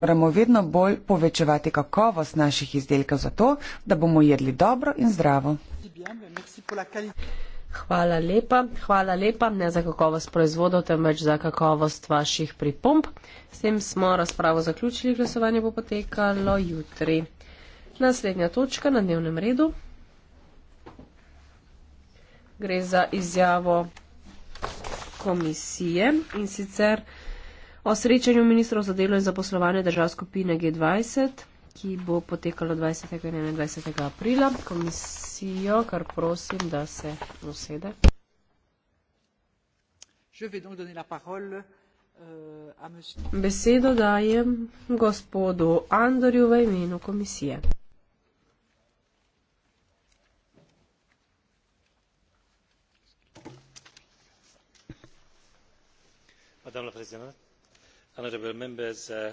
moramo vedno bolj povečevati kakovost naših izdelkov zato, da bomo jedli dobro in zdravo. Hvala lepa. Hvala lepa ne za kakovost proizvodov, temveč za kakovost vaših pripomp. S tem smo razpravo zaključili, glasovanje bo potekalo jutri. Naslednja točka na dnevnem redu. Gre za izjavo komisije in sicer o srečanju ministrov za delo in zaposlovanje držav skupine G20, ki bo potekalo 20. in 21. aprila. Komisijo, kar prosim, da se usede. Euh, Besedo dajem gospodu Andorju v imenu komisije. Madame la Présidente, honourable members uh,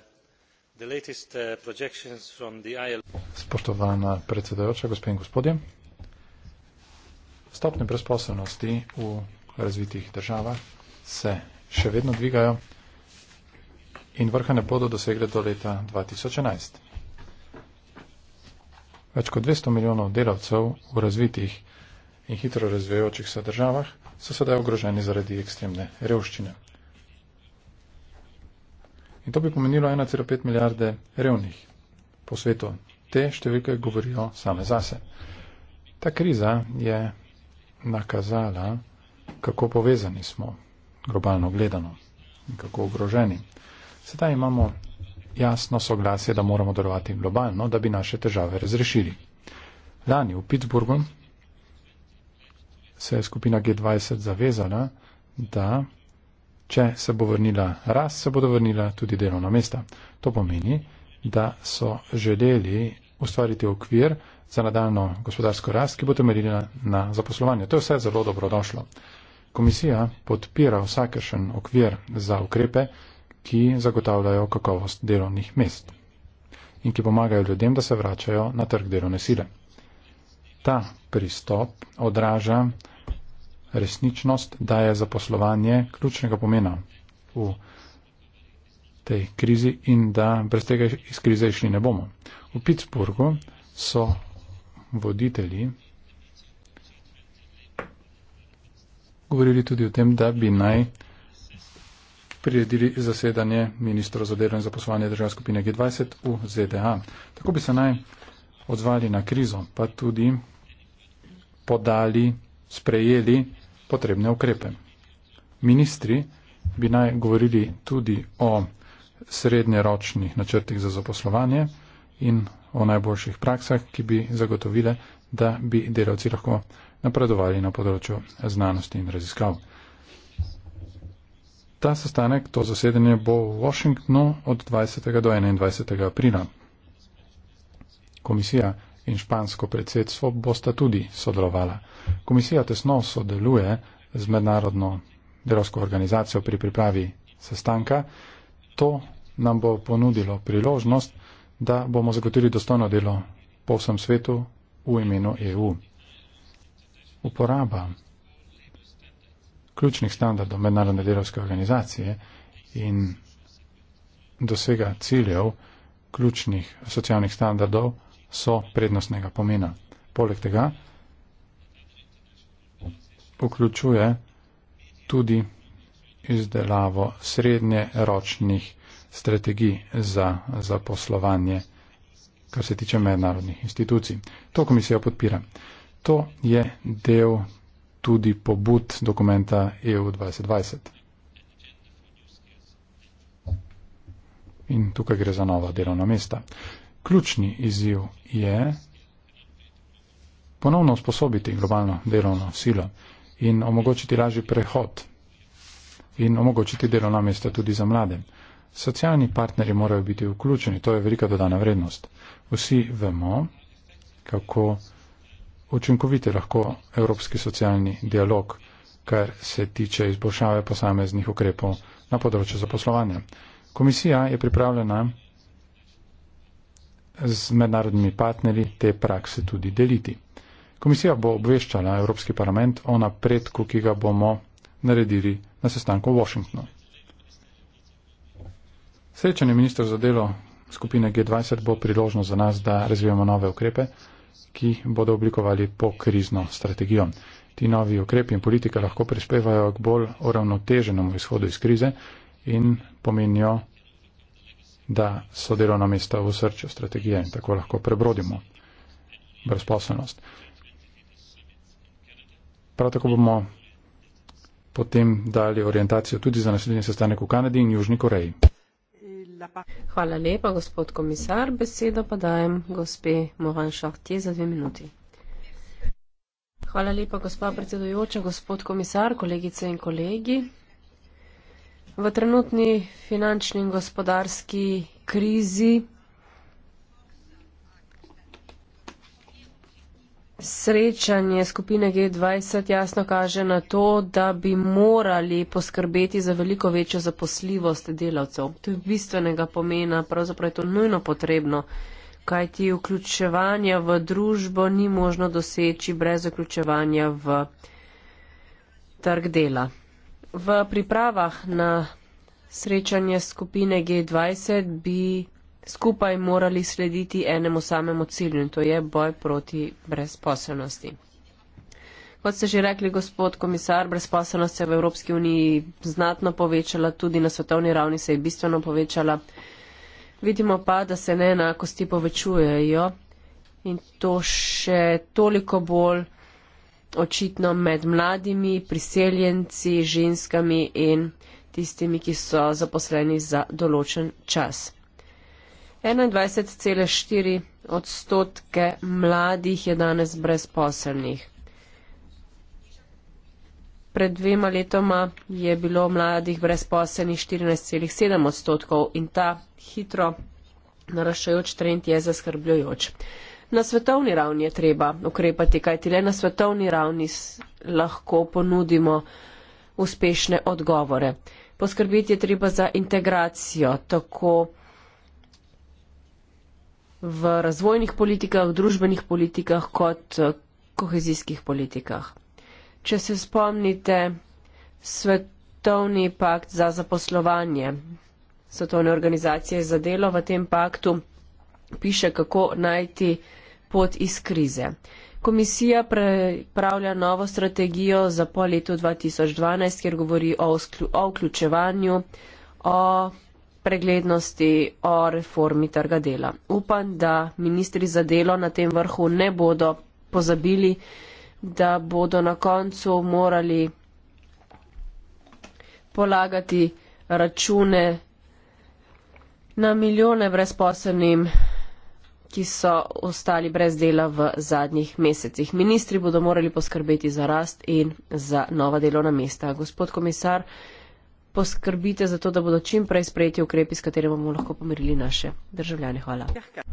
the latest uh, projections from the ILO Spoštovana predsedajoča, gospe in gospodje. Stopne brezposobnosti v razvitih državah se še vedno dvigajo in vrha ne bodo dosegle do leta 2011. Več kot 200 milijonov delavcev v razvitih in hitro razvijajočih se državah so sedaj ogroženi zaradi ekstremne revščine. In to bi pomenilo 1,5 milijarde revnih po svetu. Te številke govorijo same zase. Ta kriza je nakazala, kako povezani smo, globalno gledano, in kako ogroženi. Sedaj imamo jasno soglasje, da moramo delovati globalno, da bi naše težave razrešili. Lani v Pittsburghu se je skupina G20 zavezala, da Če se bo vrnila rast, se bodo vrnila tudi delovna mesta. To pomeni, da so želeli ustvariti okvir za nadaljno gospodarsko rast, ki bo temeljila na zaposlovanju. To je vse zelo dobrodošlo. Komisija podpira vsakešen okvir za ukrepe, ki zagotavljajo kakovost delovnih mest in ki pomagajo ljudem, da se vračajo na trg delovne sile. Ta pristop odraža resničnost, da je zaposlovanje ključnega pomena v tej krizi in da brez tega iz krize išli ne bomo. V Pittsburghu so voditelji govorili tudi o tem, da bi naj priredili zasedanje ministra za delo in zaposlovanje države skupine G20 v ZDA. Tako bi se naj odzvali na krizo, pa tudi podali, sprejeli potrebne ukrepe. Ministri bi naj govorili tudi o srednjeročnih načrtih za zaposlovanje in o najboljših praksah, ki bi zagotovile, da bi delavci lahko napredovali na področju znanosti in raziskav. Ta sestanek, to zasedanje bo v Washingtonu od 20. do 21. aprila. Komisija in špansko predsedstvo bosta tudi sodelovala. Komisija tesno sodeluje z mednarodno delovsko organizacijo pri pripravi sestanka. To nam bo ponudilo priložnost, da bomo zagotovili dostojno delo po vsem svetu v imenu EU. Uporaba ključnih standardov mednarodne delovske organizacije in dosega ciljev ključnih socialnih standardov so prednostnega pomena. Poleg tega vključuje tudi izdelavo srednje ročnih strategij za zaposlovanje, kar se tiče mednarodnih institucij. To komisija podpira. To je del tudi pobud dokumenta EU 2020. In tukaj gre za nova delovna mesta ključni izziv je ponovno usposobiti globalno delovno silo in omogočiti lažji prehod in omogočiti delovna mesta tudi za mlade. Socialni partneri morajo biti vključeni, to je velika dodana vrednost. Vsi vemo, kako učinkovit je lahko evropski socialni dialog, kar se tiče izboljšave posameznih ukrepov na področju zaposlovanja. Komisija je pripravljena z mednarodnimi partnerji te prakse tudi deliti. Komisija bo obveščala Evropski parlament o napredku, ki ga bomo naredili na sestanku v Washingtonu. Srečanje ministrov za delo skupine G20 bo priložnost za nas, da razvijemo nove ukrepe, ki bodo oblikovali po krizno strategijo. Ti novi ukrepi in politika lahko prispevajo k bolj uravnoteženemu izhodu iz krize in pomenijo da so delovna mesta v srcu strategije in tako lahko prebrodimo brezposobnost. Prav tako bomo potem dali orientacijo tudi za naslednji sestanek v Kanadi in Južni Koreji. Hvala lepa, gospod komisar. Besedo pa dajem gospe Mohan Šahtje za dve minuti. Hvala lepa, gospa predsedujoča, gospod komisar, kolegice in kolegi. V trenutni finančni in gospodarski krizi srečanje skupine G20 jasno kaže na to, da bi morali poskrbeti za veliko večjo zaposljivost delavcev. To je bistvenega pomena, pravzaprav je to nujno potrebno, kajti vključevanje v družbo ni možno doseči brez vključevanja v trg dela. V pripravah na srečanje skupine G20 bi skupaj morali slediti enemu samemu cilju in to je boj proti brezposelnosti. Kot ste že rekli, gospod komisar, brezposelnost se je v Evropski uniji znatno povečala, tudi na svetovni ravni se je bistveno povečala. Vidimo pa, da se neenakosti povečujejo in to še toliko bolj očitno med mladimi, priseljenci, ženskami in tistimi, ki so zaposleni za določen čas. 21,4 odstotke mladih je danes brezposelnih. Pred dvema letoma je bilo mladih brezposelnih 14,7 odstotkov in ta hitro naraščajoč trend je zaskrbljujoč na svetovni ravni je treba ukrepati, kajti le na svetovni ravni lahko ponudimo uspešne odgovore. Poskrbiti je treba za integracijo tako v razvojnih politikah, družbenih politikah kot eh, kohezijskih politikah. Če se spomnite, svetovni pakt za zaposlovanje svetovne organizacije za delo v tem paktu piše, kako najti pot iz krize. Komisija pripravlja novo strategijo za po letu 2012, kjer govori o, o vključevanju, o preglednosti, o reformi trga dela. Upam, da ministri za delo na tem vrhu ne bodo pozabili, da bodo na koncu morali polagati račune na milijone brezposobnim ki so ostali brez dela v zadnjih mesecih. Ministri bodo morali poskrbeti za rast in za nova delovna mesta. Gospod komisar, poskrbite za to, da bodo čim prej sprejeti ukrepi, s katerimi bomo lahko pomirili naše državljane. Hvala.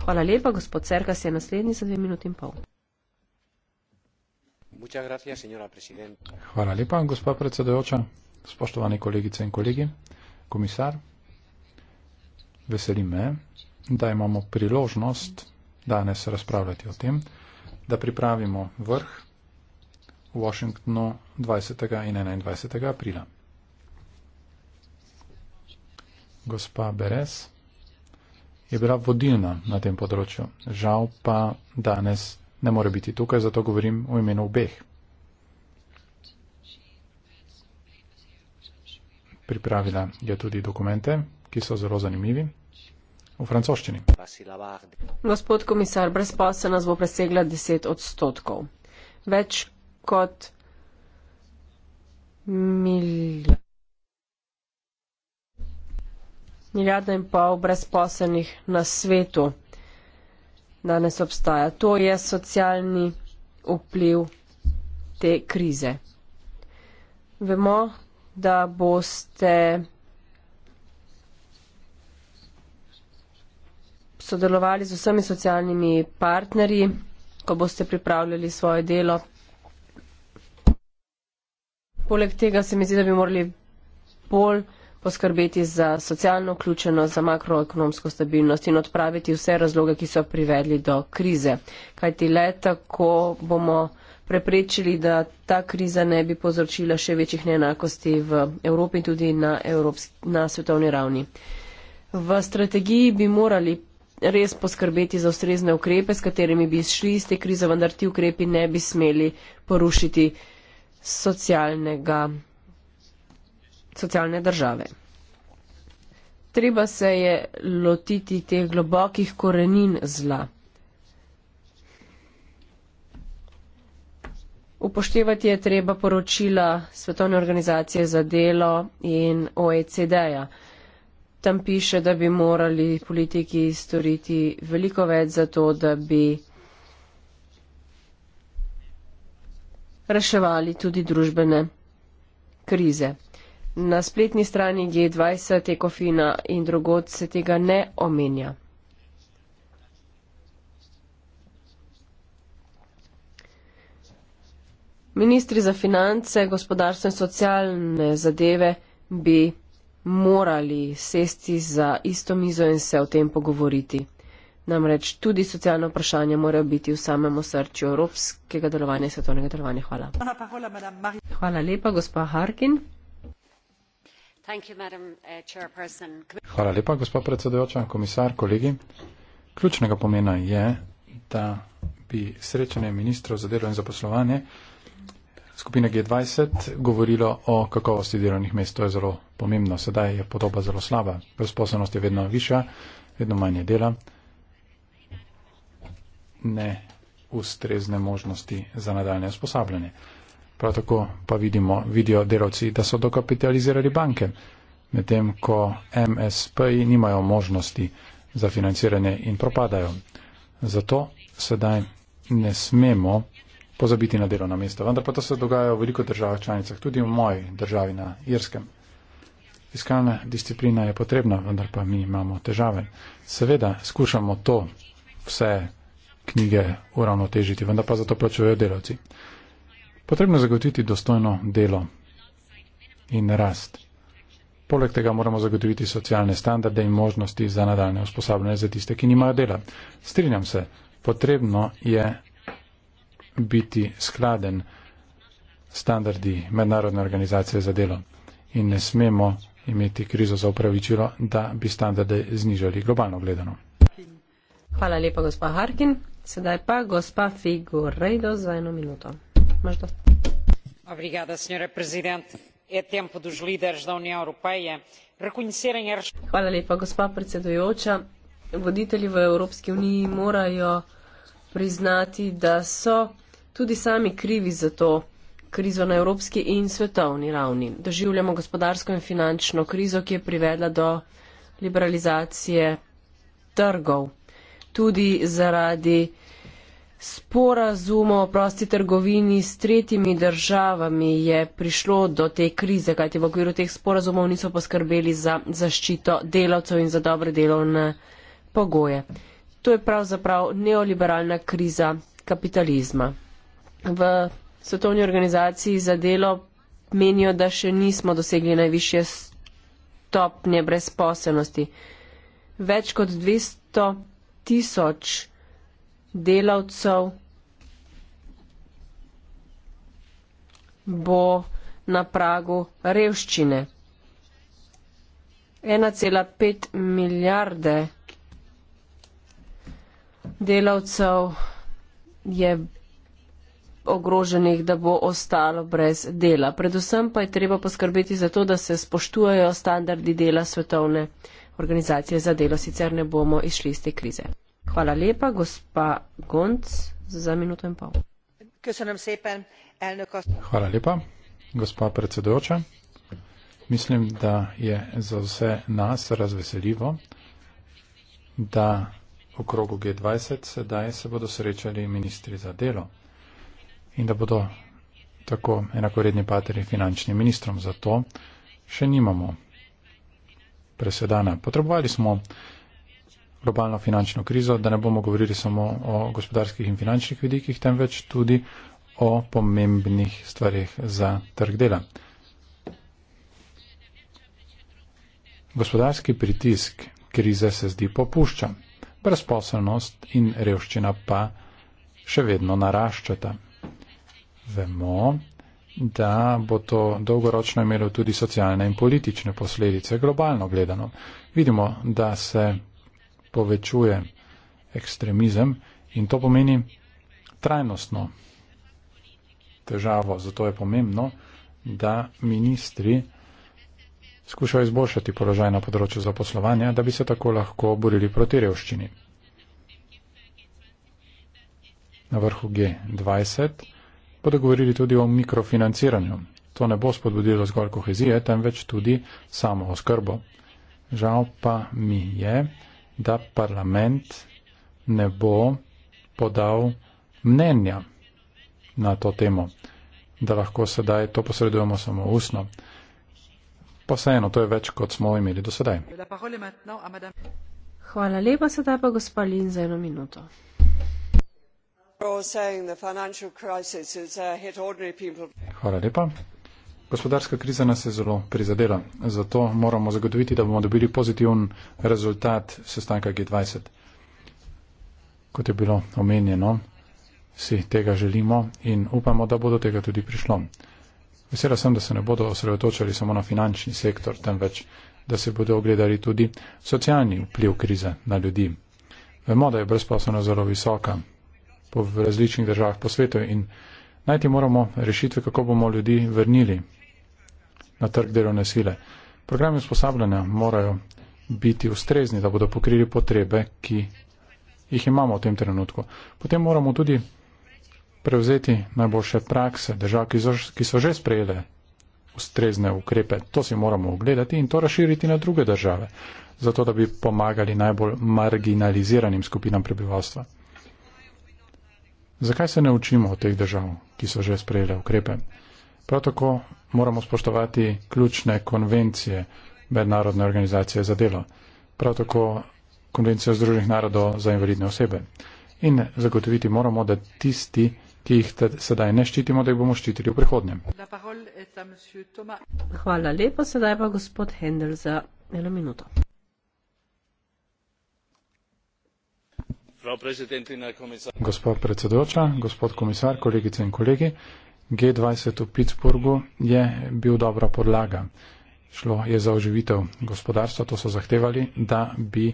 Hvala lepa, gospod Cerkas je naslednji za dve minuti in pol. Hvala lepa, gospa predsedojoča, spoštovane kolegice in kolegi, komisar. Veseli me, da imamo priložnost danes razpravljati o tem, da pripravimo vrh v Washingtonu 20. in 21. aprila. Gospa Beres je bila vodilna na tem področju. Žal pa danes ne more biti tukaj, zato govorim v imenu obeh. Pripravila je tudi dokumente, ki so zelo zanimivi v francoščini. Gospod komisar, brezposelnost bo presegla 10 odstotkov. Več kot milijard. Milijarda in pol brezposelnih na svetu danes obstaja. To je socialni vpliv te krize. Vemo, da boste sodelovali z vsemi socialnimi partnerji, ko boste pripravljali svoje delo. Poleg tega se mi zdi, da bi morali bolj poskrbeti za socialno vključenost, za makroekonomsko stabilnost in odpraviti vse razloge, ki so privedli do krize. Kaj ti le tako bomo preprečili, da ta kriza ne bi povzročila še večjih neenakosti v Evropi in tudi na, evropski, na svetovni ravni. V strategiji bi morali res poskrbeti za ustrezne ukrepe, s katerimi bi šli iz te krize, vendar ti ukrepi ne bi smeli porušiti socialnega, socialne države. Treba se je lotiti teh globokih korenin zla. Upoštevati je treba poročila Svetovne organizacije za delo in OECD-ja. -ja. Tam piše, da bi morali politiki storiti veliko več za to, da bi reševali tudi družbene krize. Na spletni strani G20 Ekofina in drugod se tega ne omenja. Ministri za finance, gospodarstvo in socialne zadeve bi morali sesti za isto mizo in se o tem pogovoriti. Namreč tudi socialno vprašanje mora biti v samem srču evropskega delovanja in svetovnega delovanja. Hvala. Hvala lepa, gospa Harkin. Eh, Hvala lepa, gospa predsedujoča, komisar, kolegi. Ključnega pomena je, da bi srečanje ministrov za delo in zaposlovanje skupine G20 govorilo o kakovosti delovnih mest. To je zelo pomembno. Sedaj je podoba zelo slaba. Brezposobnost je vedno višja, vedno manje dela. Ne ustrezne možnosti za nadaljne usposabljanje. Prav tako pa vidimo, vidijo delavci, da so dokapitalizirali banke, medtem ko MSP-ji nimajo možnosti za financiranje in propadajo. Zato sedaj ne smemo pozabiti na delovno mesto. Vendar pa to se dogaja v veliko državah članicah, tudi v moji državi na Irskem. Fiskalna disciplina je potrebna, vendar pa mi imamo težave. Seveda skušamo to vse knjige uravnotežiti, vendar pa zato plačujejo delavci. Potrebno je zagotoviti dostojno delo in rast. Poleg tega moramo zagotoviti socialne standarde in možnosti za nadaljne usposabljanje za tiste, ki nimajo dela. Strinjam se, potrebno je biti skladen standardi mednarodne organizacije za delo. In ne smemo imeti krizo za upravičilo, da bi standarde znižali globalno gledano. Hvala lepa, gospa Harkin. Sedaj pa gospa Figurejdo za eno minuto. Hvala lepa, gospa predsedujoča. Voditelji v Evropski uniji morajo priznati, da so tudi sami krivi za to krizo na evropski in svetovni ravni. Doživljamo gospodarsko in finančno krizo, ki je privedla do liberalizacije trgov. Tudi zaradi sporazuma o prosti trgovini s tretjimi državami je prišlo do te krize, kajti v okviru teh sporazumov niso poskrbeli za zaščito delavcev in za dobre delovne pogoje. To je pravzaprav neoliberalna kriza kapitalizma v Svetovni organizaciji za delo menijo, da še nismo dosegli najvišje stopnje brezposelnosti. Več kot 200 tisoč delavcev bo na pragu revščine. 1,5 milijarde delavcev je ogroženih, da bo ostalo brez dela. Predvsem pa je treba poskrbeti za to, da se spoštujejo standardi dela svetovne organizacije za delo, sicer ne bomo izšli iz te krize. Hvala lepa, gospa Gonc, za minuto in pol. Hvala lepa, gospa predsedujoča. Mislim, da je za vse nas razveseljivo, da okrogu G20 sedaj se bodo srečali ministri za delo in da bodo tako enakoredni pateri finančnim ministrom. Zato še nimamo presedana. Potrebovali smo globalno finančno krizo, da ne bomo govorili samo o gospodarskih in finančnih vidikih, temveč tudi o pomembnih stvarih za trg dela. Gospodarski pritisk krize se zdi popušča, brezposelnost in revščina pa še vedno naraščata vemo, da bo to dolgoročno imelo tudi socialne in politične posledice, globalno gledano. Vidimo, da se povečuje ekstremizem in to pomeni trajnostno težavo. Zato je pomembno, da ministri skušajo izboljšati položaj na področju zaposlovanja, da bi se tako lahko borili proti revščini. Na vrhu G20 bodo govorili tudi o mikrofinanciranju. To ne bo spodbudilo zgolj kohezije, temveč tudi samo oskrbo. Žal pa mi je, da parlament ne bo podal mnenja na to temo, da lahko sedaj to posredujemo samo ustno. Pa vseeno, to je več, kot smo imeli do sedaj. Hvala lepa, sedaj pa gospa Lin za eno minuto. Uh, Hvala lepa. Gospodarska kriza nas je zelo prizadela, zato moramo zagotoviti, da bomo dobili pozitiven rezultat sestanka G20. Kot je bilo omenjeno, si tega želimo in upamo, da bo do tega tudi prišlo. Vesela sem, da se ne bodo osredotočali samo na finančni sektor, temveč, da se bodo ogledali tudi socialni vpliv krize na ljudi. Vemo, da je brezposobnost zelo visoka, v različnih državah po svetu in najti moramo rešitve, kako bomo ljudi vrnili na trg delovne sile. Programi usposabljanja morajo biti ustrezni, da bodo pokrili potrebe, ki jih imamo v tem trenutku. Potem moramo tudi prevzeti najboljše prakse držav, ki so že sprejele ustrezne ukrepe. To si moramo ogledati in to raširiti na druge države, zato da bi pomagali najbolj marginaliziranim skupinam prebivalstva. Zakaj se ne učimo od teh držav, ki so že sprejele ukrepe? Prav tako moramo spoštovati ključne konvencije Mednarodne organizacije za delo, prav tako konvencijo Združenih narodov za invalidne osebe. In zagotoviti moramo, da tisti, ki jih sedaj ne ščitimo, da jih bomo ščitili v prihodnjem. Hvala lepa, sedaj pa gospod Hendel za eno minuto. Gospa predsedujoča, gospod komisar, kolegice in kolegi, G20 v Pittsburghu je bil dobra podlaga. Šlo je za oživitev gospodarstva, to so zahtevali, da bi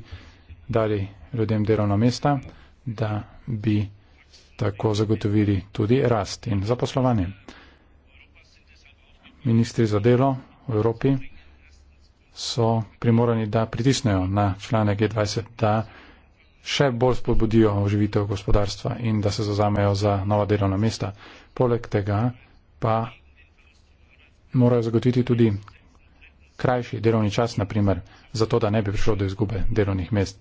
dali ljudem delovna mesta, da bi tako zagotovili tudi rast in zaposlovanje. Ministri za delo v Evropi so primorani, da pritisnejo na člane G20, da še bolj spodbudijo oživitev gospodarstva in da se zazamejo za nova delovna mesta. Poleg tega pa morajo zagotoviti tudi krajši delovni čas, naprimer, zato da ne bi prišlo do izgube delovnih mest.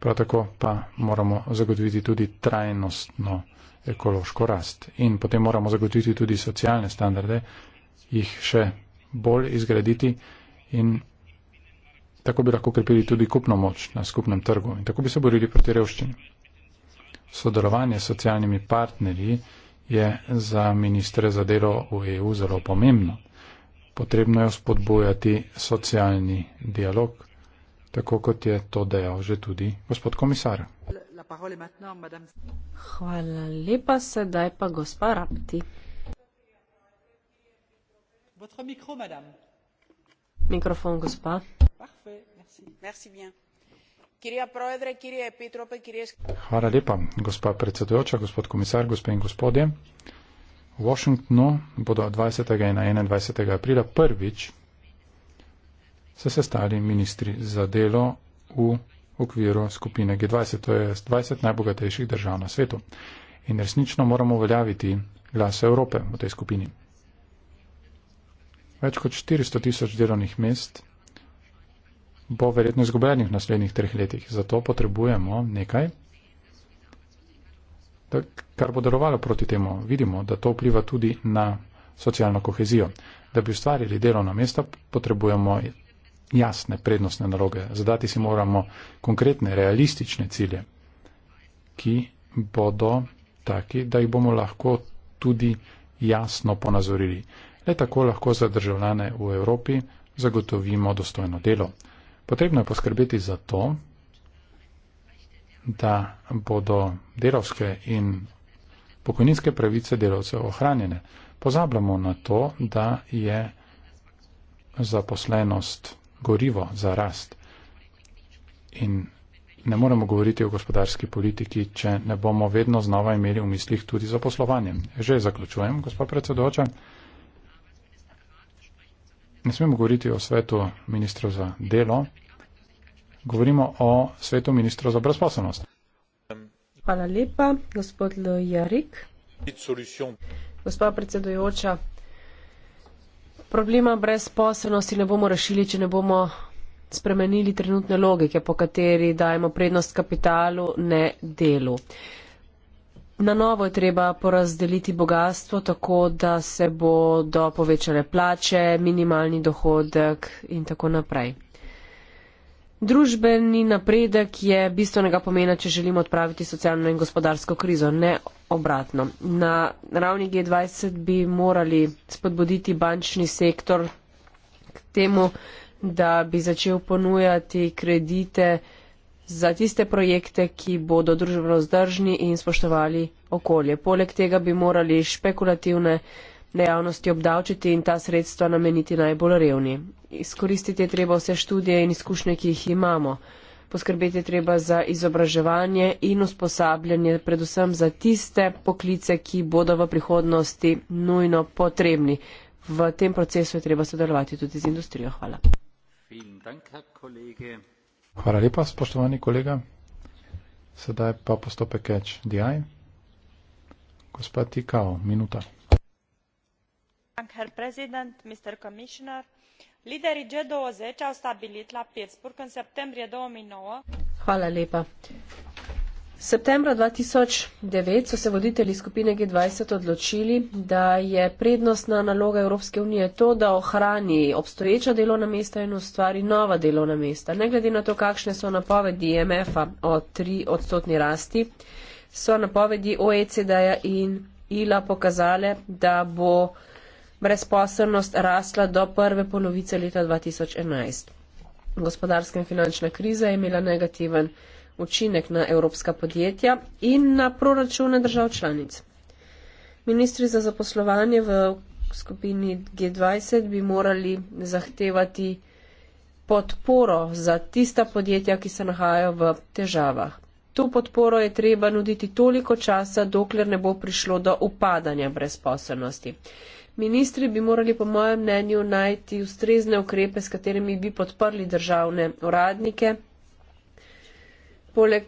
Prav tako pa moramo zagotoviti tudi trajnostno ekološko rast in potem moramo zagotoviti tudi socialne standarde, jih še bolj izgraditi in tako bi lahko krepili tudi kupno moč na skupnem trgu in tako bi se borili proti revščini. Sodelovanje s socialnimi partnerji je za ministre za delo v EU zelo pomembno. Potrebno je spodbujati socialni dialog, tako kot je to dejal že tudi gospod komisar. Hvala lepa, sedaj pa gospa Rapti. Votre micro, madame. Hvala lepa, gospa predsedujoča, gospod komisar, gospe in gospodje. V Washingtonu bodo 20. in 21. aprila prvič se sestali ministri za delo v okviru skupine G20, to je 20 najbogatejših držav na svetu. In resnično moramo uveljaviti glas Evrope v tej skupini več kot 400 tisoč delovnih mest bo verjetno izgubljenih v naslednjih treh letih. Zato potrebujemo nekaj, kar bo delovalo proti temu. Vidimo, da to vpliva tudi na socialno kohezijo. Da bi ustvarili delovna mesta, potrebujemo jasne prednostne naloge. Zadati si moramo konkretne, realistične cilje, ki bodo taki, da jih bomo lahko tudi jasno ponazorili. Le tako lahko za državljane v Evropi zagotovimo dostojno delo. Potrebno je poskrbeti za to, da bodo delovske in pokojninske pravice delovcev ohranjene. Pozabljamo na to, da je zaposlenost gorivo za rast in ne moremo govoriti o gospodarski politiki, če ne bomo vedno znova imeli v mislih tudi zaposlovanje. Že zaključujem, gospod predsedoča. Ne smemo govoriti o svetu ministrov za delo, govorimo o svetu ministrov za brezposobnost. Hvala lepa, gospod Jarik. Gospa predsedujoča, problema brezposobnosti ne bomo rešili, če ne bomo spremenili trenutne logike, po kateri dajemo prednost kapitalu, ne delu. Na novo je treba porazdeliti bogatstvo tako, da se bodo povečale plače, minimalni dohodek in tako naprej. Družbeni napredek je bistvenega pomena, če želimo odpraviti socialno in gospodarsko krizo, ne obratno. Na ravni G20 bi morali spodbuditi bančni sektor k temu, da bi začel ponujati kredite za tiste projekte, ki bodo družbeno zdržni in spoštovali okolje. Poleg tega bi morali špekulativne dejavnosti obdavčiti in ta sredstva nameniti najbolj revni. Izkoristiti je treba vse študije in izkušnje, ki jih imamo. Poskrbeti je treba za izobraževanje in usposabljanje, predvsem za tiste poklice, ki bodo v prihodnosti nujno potrebni. V tem procesu je treba sodelovati tudi z industrijo. Hvala. Hvala lepa, spoštovani kolega. Sedaj pa postopek catch DI. Gospa Tikao, minuta. Herr Präsident, Mr. Commissioner, liderii G20 au stabilit la Pittsburgh în septembrie 2009. Hvala lepa. Septembra 2009 so se voditelji skupine G20 odločili, da je prednostna naloga Evropske unije to, da ohrani obstoječa delovna mesta in ustvari nova delovna mesta. Ne glede na to, kakšne so napovedi MF-a o 3 odstotni rasti, so napovedi OECD-ja in ILA pokazale, da bo brezposobnost rasla do prve polovice leta 2011. Gospodarska in finančna kriza je imela negativen učinek na evropska podjetja in na proračune držav članic. Ministri za zaposlovanje v skupini G20 bi morali zahtevati podporo za tista podjetja, ki se nahajajo v težavah. To podporo je treba nuditi toliko časa, dokler ne bo prišlo do upadanja brezposobnosti. Ministri bi morali, po mojem mnenju, najti ustrezne ukrepe, s katerimi bi podprli državne uradnike, poleg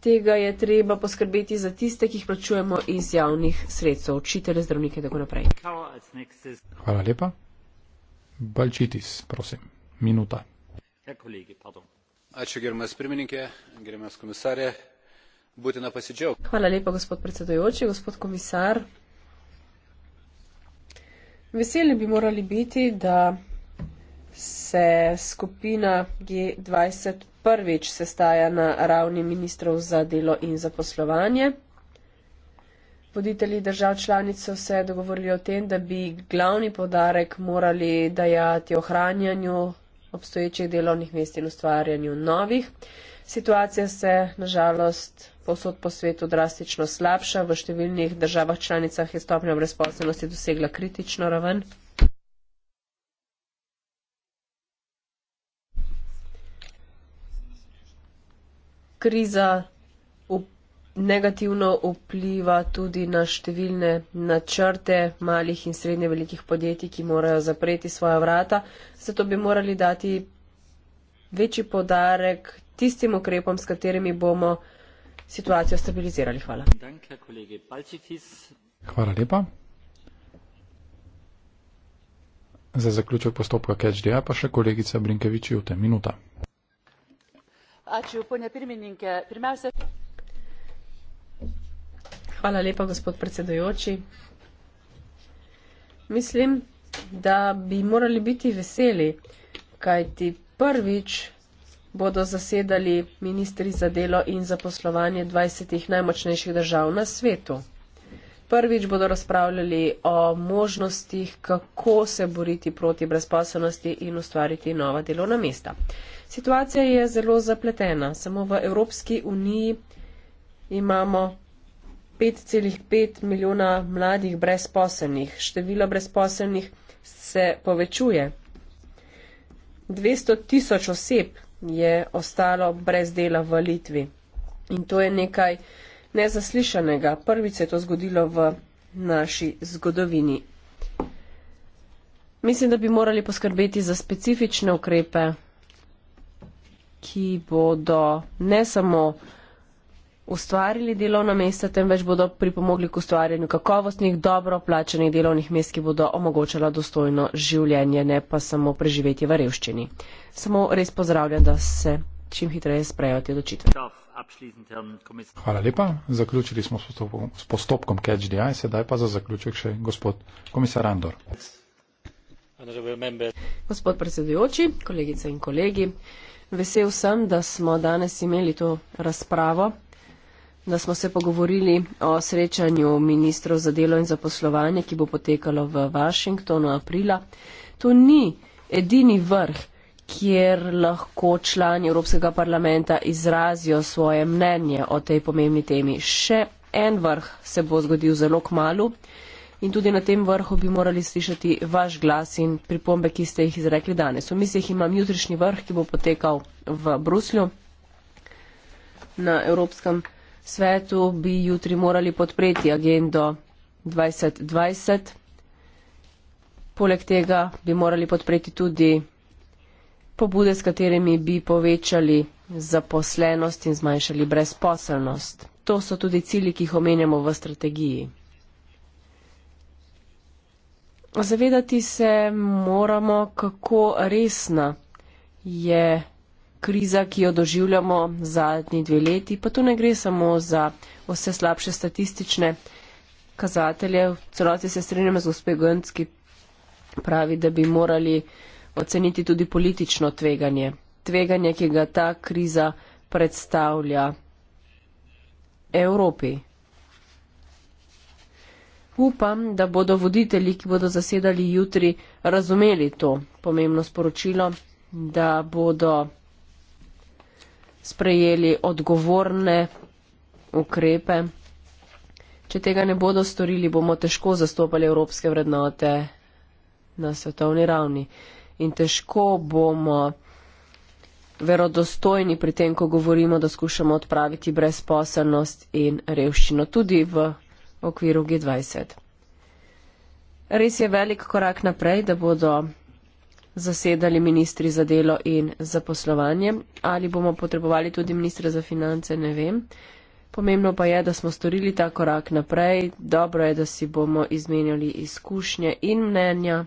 tega je treba poskrbeti za tiste, ki jih plačujemo iz javnih sredstev, učitelje, zdravnike in tako naprej. Hvala lepa. Balčitis, prosim, minuta. Ja, Hvala lepa, gospod predsedojoči, gospod komisar. Veseli bi morali biti, da se skupina G20 prvič sestaja na ravni ministrov za delo in zaposlovanje. Voditelji držav članic so se dogovorili o tem, da bi glavni podarek morali dajati ohranjanju obstoječih delovnih mest in ustvarjanju novih. Situacija se, nažalost, posod po svetu drastično slabša. V številnih državah članicah je stopnja brezposobnosti dosegla kritično raven. kriza negativno vpliva tudi na številne načrte malih in srednje velikih podjetij, ki morajo zapreti svoja vrata. Zato bi morali dati večji podarek tistim ukrepom, s katerimi bomo situacijo stabilizirali. Hvala. Hvala lepa. Za zaključek postopka Catch-DA pa še kolegica Brinkevič, jute minuta. Hvala lepa, gospod predsedujoči. Mislim, da bi morali biti veseli, kajti prvič bodo zasedali ministri za delo in zaposlovanje 20 najmočnejših držav na svetu. Prvič bodo razpravljali o možnostih, kako se boriti proti brezposobnosti in ustvariti nova delovna mesta. Situacija je zelo zapletena. Samo v Evropski uniji imamo 5,5 milijona mladih brezposobnih. Število brezposobnih se povečuje. 200 tisoč oseb je ostalo brez dela v Litvi. In to je nekaj, nezaslišanega. Prvič se je to zgodilo v naši zgodovini. Mislim, da bi morali poskrbeti za specifične ukrepe, ki bodo ne samo ustvarili delovna mesta, temveč bodo pripomogli k ustvarjanju kakovostnih, dobro plačenih delovnih mest, ki bodo omogočala dostojno življenje, ne pa samo preživeti v revščini. Samo res pozdravljam, da se čim hitreje sprejajo te odločitve. Hvala lepa. Zaključili smo s postopkom CatchDI, sedaj pa za zaključek še gospod komisar Andor. Gospod predsedujoči, kolegice in kolegi, vesel sem, da smo danes imeli to razpravo, da smo se pogovorili o srečanju ministrov za delo in zaposlovanje, ki bo potekalo v Washingtonu aprila. To ni edini vrh kjer lahko člani Evropskega parlamenta izrazijo svoje mnenje o tej pomembni temi. Še en vrh se bo zgodil zelo kmalo in tudi na tem vrhu bi morali slišati vaš glas in pripombe, ki ste jih izrekli danes. V mislih imam jutrišnji vrh, ki bo potekal v Bruslju. Na Evropskem svetu bi jutri morali podpreti agendo 2020. Poleg tega bi morali podpreti tudi pobude, s katerimi bi povečali zaposlenost in zmanjšali brezposelnost. To so tudi cilji, ki jih omenjamo v strategiji. Zavedati se moramo, kako resna je kriza, ki jo doživljamo zadnji dve leti, pa tu ne gre samo za vse slabše statistične kazatelje. V celoti se strinjam z gospe Gönc, ki pravi, da bi morali uh, oceniti tudi politično tveganje, tveganje, ki ga ta kriza predstavlja Evropi. Upam, da bodo voditelji, ki bodo zasedali jutri, razumeli to pomembno sporočilo, da bodo sprejeli odgovorne ukrepe. Če tega ne bodo storili, bomo težko zastopali evropske vrednote na svetovni ravni in težko bomo verodostojni pri tem, ko govorimo, da skušamo odpraviti brezposelnost in revščino tudi v okviru G20. Res je velik korak naprej, da bodo zasedali ministri za delo in za poslovanje. Ali bomo potrebovali tudi ministra za finance, ne vem. Pomembno pa je, da smo storili ta korak naprej. Dobro je, da si bomo izmenjali izkušnje in mnenja.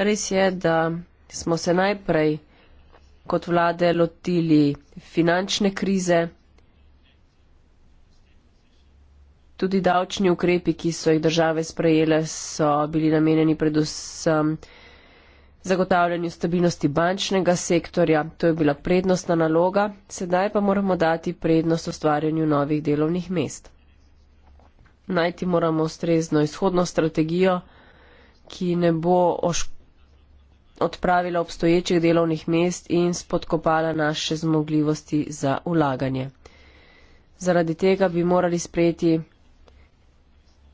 Res je, da smo se najprej kot vlade lotili finančne krize, tudi davčni ukrepi, ki so jih države sprejele, so bili namenjeni predvsem zagotavljanju stabilnosti bančnega sektorja. To je bila prednostna naloga, sedaj pa moramo dati prednost ustvarjanju novih delovnih mest. Najti moramo ustrezno izhodno strategijo, ki ne bo oškodila odpravila obstoječih delovnih mest in spodkopala naše zmogljivosti za ulaganje. Zaradi tega bi morali sprejeti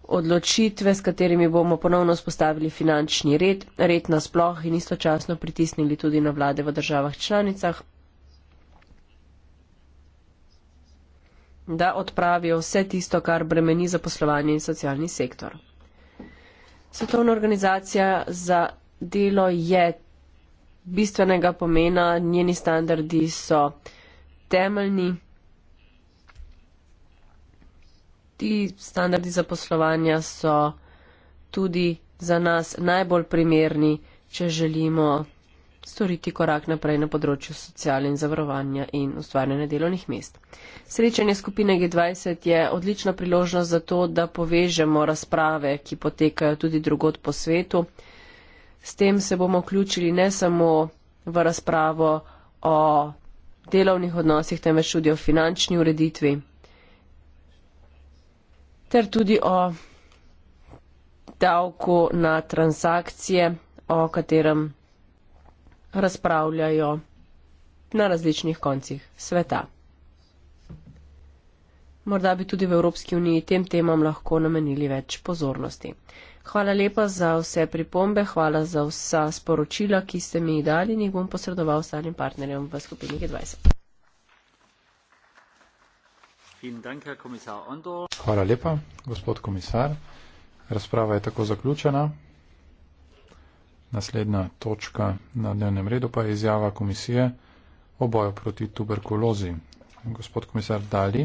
odločitve, s katerimi bomo ponovno spostavili finančni red, red nasploh in istočasno pritisnili tudi na vlade v državah članicah, da odpravijo vse tisto, kar bremeni zaposlovanje in socialni sektor. Svetovna organizacija za delo je bistvenega pomena, njeni standardi so temeljni, ti standardi zaposlovanja so tudi za nas najbolj primerni, če želimo storiti korak naprej na področju socialne in zavarovanja in ustvarjanja delovnih mest. Srečanje skupine G20 je odlična priložnost za to, da povežemo razprave, ki potekajo tudi drugot po svetu. S tem se bomo vključili ne samo v razpravo o delovnih odnosih, temveč tudi o finančni ureditvi ter tudi o davku na transakcije, o katerem razpravljajo na različnih koncih sveta. Morda bi tudi v Evropski uniji tem temam lahko namenili več pozornosti. Hvala lepa za vse pripombe, hvala za vsa sporočila, ki ste mi jih dali in jih bom posredoval ostalim partnerjem v skupini G20. Hvala lepa, gospod komisar. Razprava je tako zaključena. Naslednja točka na dnevnem redu pa je izjava komisije o boju proti tuberkulozi. Gospod komisar Dali.